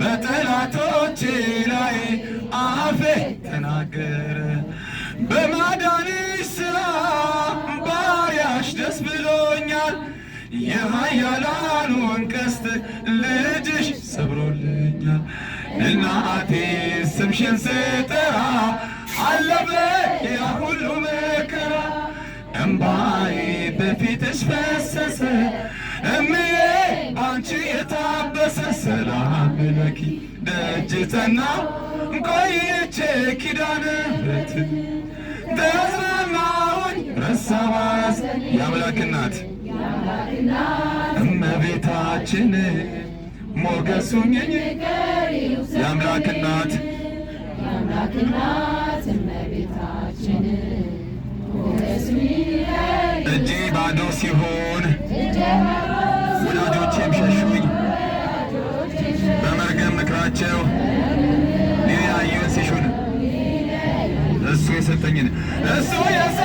በጠላቶቼ ላይ አፌ ተናገረ። በማዳንሽ ስራ ባሪያሽ ደስ ብሎኛል። የኃያላኑን ቀስት ልጅሽ ሰብሮልኛል። እናቴ ስምሽን ስጠራ አለፈ ያ ሁሉ መከራ፣ እምባዬ በፊትሽ ፈሰሰ በአንቺ የታበሰ ሰላም ለኪ ደጅተና ቆይቼ ኪዳነ ምሕረት ተጽናናሁኝ ረሳኋት የአምላክ እናት እመቤታችን ሞገሱኝ የአምላክ እናት እጄ ባዶ ሲሆን ወዳጆቼም ሸሽ ናቸው። ሊያየን ሲሹን እሱ የሰጠኝን እሱ